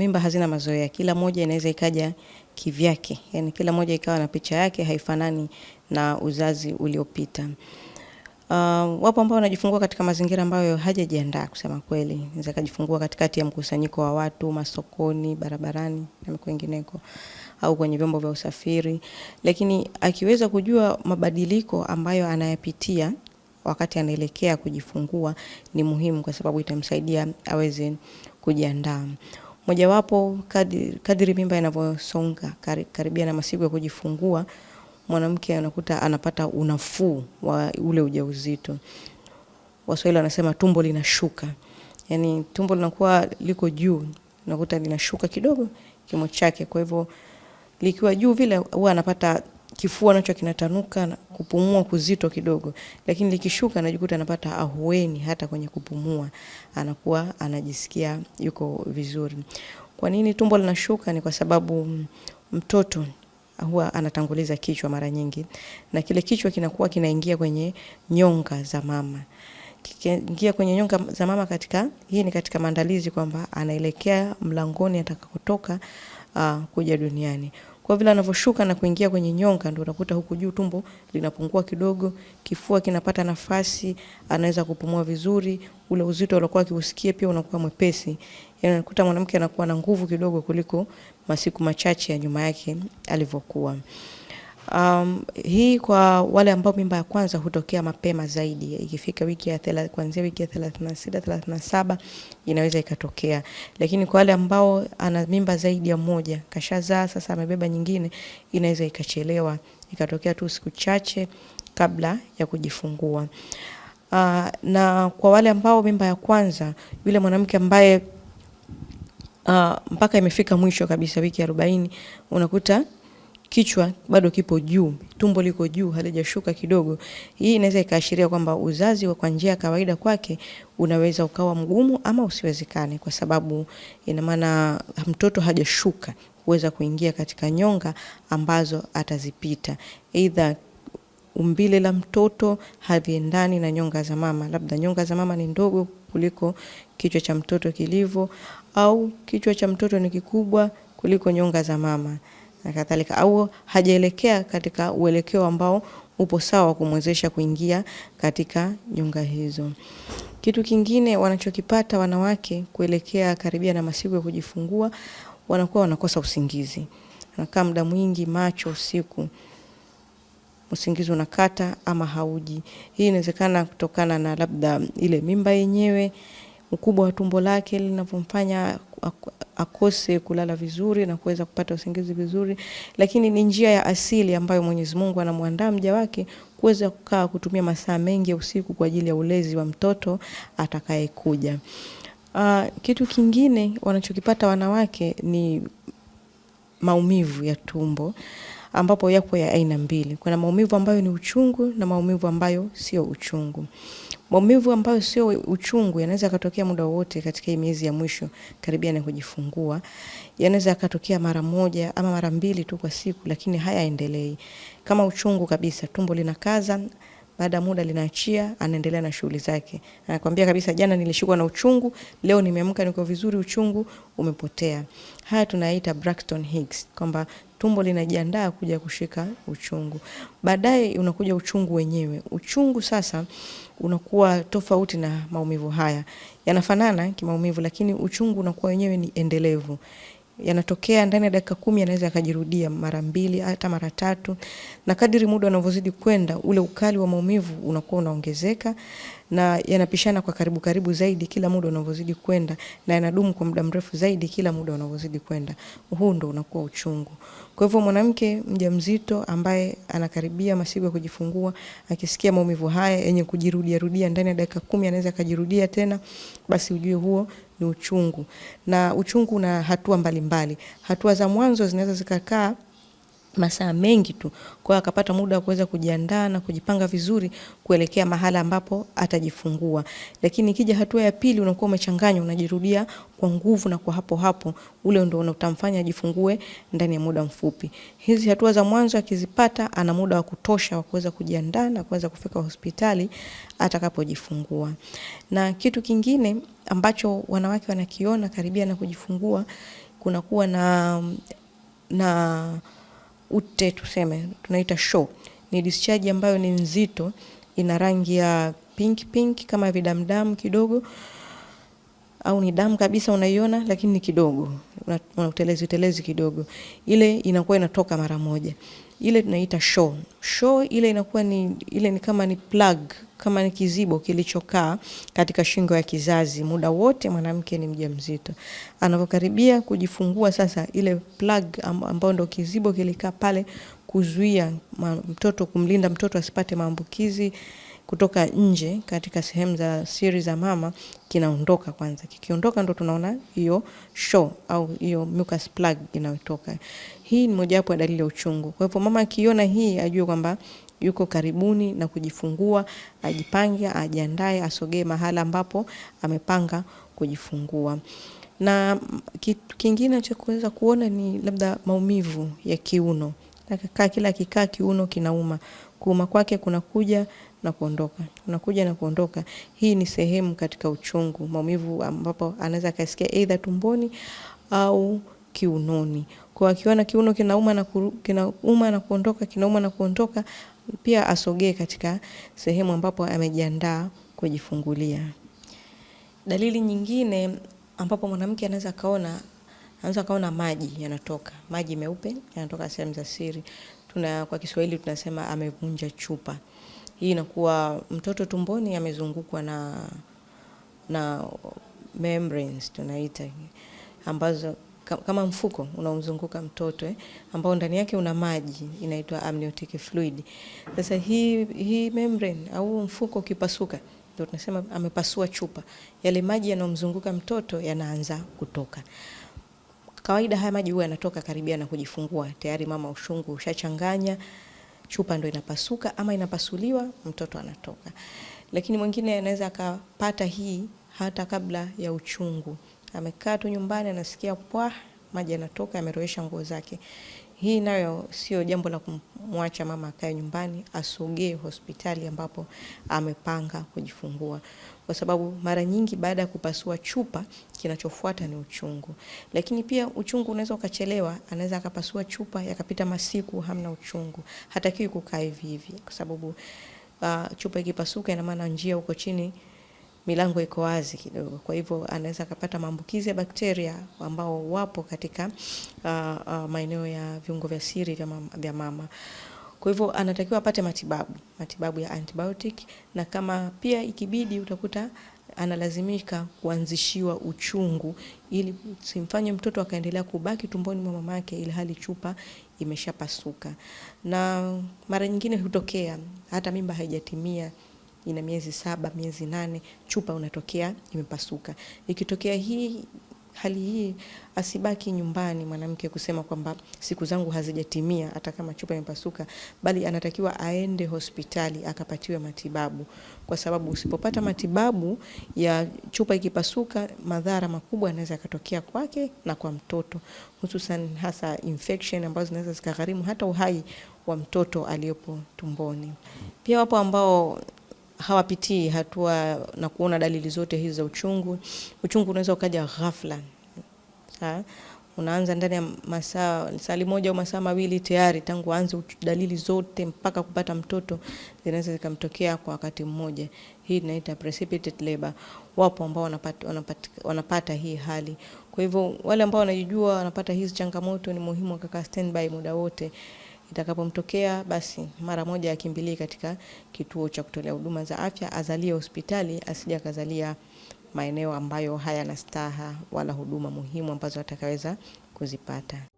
Mimba hazina mazoea, kila moja inaweza ikaja kivyake, yani kila moja ikawa na picha yake, haifanani na uzazi uliopita. Uh, wapo ambao wanajifungua katika mazingira ambayo hajajiandaa kusema kweli, inaweza kujifungua katikati ya mkusanyiko wa watu, masokoni, barabarani na kwingineko au kwenye vyombo vya usafiri, lakini akiweza kujua mabadiliko ambayo anayapitia wakati anaelekea kujifungua ni muhimu, kwa sababu itamsaidia aweze kujiandaa. Mojawapo, kadri, kadri mimba inavyosonga karibia na masiku ya kujifungua, mwanamke anakuta anapata unafuu wa ule ujauzito. Waswahili wanasema tumbo linashuka, yani tumbo linakuwa liko juu, unakuta linashuka kidogo kimo chake. Kwa hivyo likiwa juu vile, huwa anapata kifua nacho kinatanuka na kupumua kuzito kidogo, lakini likishuka anajikuta anapata ahueni hata kwenye kupumua, anakuwa anajisikia yuko vizuri. Kwa nini tumbo linashuka? Ni kwa sababu mtoto huwa anatanguliza kichwa mara nyingi, na kile kichwa kinakuwa kinaingia kwenye nyonga za mama kikiingia kwenye nyonga za mama katika, hii ni katika maandalizi kwamba anaelekea mlangoni atakapotoka uh, ah, kuja duniani. Kwa vile anavyoshuka na kuingia kwenye nyonga, ndio unakuta huku juu tumbo linapungua kidogo, kifua kinapata nafasi, anaweza kupumua vizuri, ule uzito uliokuwa akiusikia pia unakuwa mwepesi. Yaani unakuta mwanamke anakuwa na nguvu kidogo kuliko masiku machache ya nyuma yake alivyokuwa. Um, hii kwa wale ambao mimba ya kwanza hutokea mapema zaidi, ikifika wiki ya kuanzia wiki ya 36 37 inaweza ikatokea, lakini kwa wale ambao ana mimba zaidi ya moja, kashazaa sasa amebeba nyingine, inaweza ikachelewa ikatokea tu siku chache kabla ya kujifungua. Uh, na kwa wale ambao mimba ya kwanza, yule mwanamke ambaye uh, mpaka imefika mwisho kabisa wiki 40 unakuta kichwa bado kipo juu, tumbo liko juu, halijashuka kidogo. Hii inaweza ikaashiria kwamba uzazi wa kwa njia ya kawaida kwake unaweza ukawa mgumu ama usiwezekane, kwa sababu ina maana mtoto hajashuka kuweza kuingia katika nyonga ambazo atazipita aidha umbile la mtoto haviendani na nyonga za mama, labda nyonga za mama ni ndogo kuliko kichwa cha mtoto kilivyo, au kichwa cha mtoto ni kikubwa kuliko nyonga za mama na kadhalika, au hajaelekea katika uelekeo ambao upo sawa wa kumwezesha kuingia katika nyunga hizo. Kitu kingine wanachokipata wanawake kuelekea karibia na masiku ya kujifungua, wanakuwa wanakosa usingizi, anakaa muda mwingi macho usiku, usingizi unakata ama hauji. Hii inawezekana kutokana na labda ile mimba yenyewe ukubwa wa tumbo lake linavyomfanya akose kulala vizuri na kuweza kupata usingizi vizuri, lakini ni njia ya asili ambayo Mwenyezi Mungu anamwandaa mja wake kuweza kukaa kutumia masaa mengi ya usiku kwa ajili ya ulezi wa mtoto atakayekuja. Uh, kitu kingine wanachokipata wanawake ni maumivu ya tumbo ambapo yapo ya aina mbili. Kuna maumivu ambayo ni uchungu na maumivu ambayo sio uchungu. Maumivu ambayo sio uchungu yanaweza yakatokea muda wote katika miezi ya mwisho karibia na kujifungua. Yanaweza yakatokea mara moja ama mara mbili tu kwa siku, lakini hayaendelei. Kama uchungu kabisa, tumbo linakaza, baada ya muda linaachia, anaendelea na shughuli zake. Anakwambia kabisa, jana nilishikwa na uchungu, leo nimeamka niko vizuri, uchungu umepotea. Haya tunayaita Braxton Hicks kwamba tumbo linajiandaa kuja kushika uchungu. Baadaye unakuja uchungu wenyewe. Uchungu sasa unakuwa tofauti na maumivu haya, yanafanana kimaumivu, lakini uchungu unakuwa wenyewe ni endelevu yanatokea ndani ya dakika kumi, yanaweza yakajirudia mara mbili hata mara tatu, na kadiri muda unavyozidi kwenda ule ukali wa maumivu unakuwa unaongezeka na yanapishana kwa karibu karibu zaidi kila muda unavyozidi kwenda, na yanadumu kwa muda mrefu zaidi kila muda unavyozidi kwenda. Huu ndo unakuwa uchungu. Kwa hivyo mwanamke mjamzito ambaye anakaribia masiku ya kujifungua akisikia maumivu haya yenye kujirudia rudia ndani ya dakika kumi anaweza akajirudia tena, basi ujue huo ni uchungu, na uchungu una hatua mbalimbali mbali. Hatua za mwanzo zinaweza zikakaa masaa mengi tu. Kwa hiyo akapata muda wa kuweza kujiandaa na kujipanga vizuri kuelekea mahala ambapo atajifungua. Lakini ikija hatua ya pili, unakuwa umechanganywa, unajirudia kwa nguvu na kwa hapo hapo, ule ndio utamfanya ajifungue ndani ya muda mfupi. Hizi hatua za mwanzo akizipata, ana muda wa kutosha wa kuweza kujiandaa na kuweza kufika hospitali atakapojifungua. Na kitu kingine ambacho wanawake wanakiona karibia na kujifungua, kunakuwa na na ute tuseme tunaita show, ni discharge ambayo ni nzito, ina rangi ya pink pink kama vidamdamu kidogo au ni damu kabisa unaiona, lakini ni kidogo, una utelezi utelezi kidogo, ile inakuwa inatoka mara moja. Ile tunaita show. Show ile inakuwa ni ile ni kama ni plug, kama ni kizibo kilichokaa katika shingo ya kizazi muda wote mwanamke ni mjamzito. Anapokaribia kujifungua sasa, ile plug ambayo ndio kizibo kilikaa pale kuzuia mtoto, kumlinda mtoto asipate maambukizi kutoka nje katika sehemu za siri za mama kinaondoka kwanza. Kikiondoka ndo tunaona hiyo show au hiyo mucus plug inayotoka. Hii ni mojawapo ya dalili ya uchungu. Kwa hivyo mama akiona hii ajue kwamba yuko karibuni na kujifungua, ajipange, ajiandae, asogee mahala ambapo amepanga kujifungua. Na kingine cha kuweza kuona ni labda maumivu ya kiuno, akakaa kila kikaa kiuno kinauma. Kuuma kwake kunakuja na kuondoka, kuja na kuondoka. Hii ni sehemu katika uchungu, maumivu ambapo anaweza akasikia aidha tumboni au kiunoni. Kwa akiona kiuno kinauma na kuru, kinauma na kuondoka, kinauma na kuondoka, pia asogee katika sehemu ambapo amejiandaa kujifungulia. Dalili nyingine ambapo mwanamke anaweza kaona anaweza kaona maji yanatoka, maji meupe yanatoka sehemu za siri tuna, kwa Kiswahili tunasema amevunja chupa. Hii inakuwa mtoto tumboni amezungukwa na, na membranes tunaita ambazo kama mfuko unaomzunguka mtoto eh, ambao ndani yake una maji inaitwa amniotic fluid. Sasa hii hii membrane au mfuko ukipasuka, ndio tunasema amepasua chupa, yale maji yanayomzunguka mtoto yanaanza kutoka kawaida haya maji huwa yanatoka karibia na kujifungua tayari, mama ushungu ushachanganya, chupa ndo inapasuka ama inapasuliwa, mtoto anatoka. Lakini mwingine anaweza akapata hii hata kabla ya uchungu, amekaa tu nyumbani, anasikia pwa, maji yanatoka, yamerowesha nguo zake. Hii nayo sio jambo la kumwacha mama akae nyumbani, asogee hospitali ambapo amepanga kujifungua, kwa sababu mara nyingi baada ya kupasua chupa kinachofuata ni uchungu. Lakini pia uchungu unaweza ukachelewa, anaweza akapasua chupa yakapita masiku, hamna uchungu. Hatakiwi kukaa hivi hivi, kwa sababu uh, chupa ikipasuka ina maana njia huko chini milango iko wazi kidogo, kwa hivyo anaweza akapata maambukizi ya bakteria ambao wapo katika uh, uh, maeneo ya viungo vya siri vya mama, vya mama. Kwa hivyo anatakiwa apate matibabu, matibabu ya antibiotic, na kama pia ikibidi utakuta analazimika kuanzishiwa uchungu ili simfanye mtoto akaendelea kubaki tumboni mwa mamake ili hali chupa imeshapasuka. Na mara nyingine hutokea hata mimba haijatimia ina miezi saba, miezi nane, chupa unatokea imepasuka. Ikitokea hii hali hii, asibaki nyumbani mwanamke kusema kwamba siku zangu hazijatimia hata kama chupa imepasuka, bali anatakiwa aende hospitali akapatiwe matibabu, kwa sababu usipopata matibabu ya chupa ikipasuka, madhara makubwa yanaweza yakatokea kwake na kwa mtoto, hususan hasa infection ambazo zinaweza zikagharimu hata uhai wa mtoto aliyepo tumboni. Pia wapo ambao hawapitii hatua na kuona dalili zote hizi za uchungu. Uchungu unaweza ukaja ghafla, ha? unaanza ndani ya masaa sali moja au masaa mawili tayari, tangu aanze dalili zote mpaka kupata mtoto zinaweza zikamtokea kwa wakati mmoja. Hii tunaita precipitated labor. Wapo ambao wanapata, wanapata, wanapata hii hali. Kwa hivyo wale ambao wanajijua wanapata hizi changamoto, ni muhimu wakakaa standby muda wote. Itakapomtokea basi mara moja akimbilie katika kituo cha kutolea huduma za afya, azalie hospitali, asije akazalia maeneo ambayo hayana staha wala huduma muhimu ambazo atakaweza kuzipata.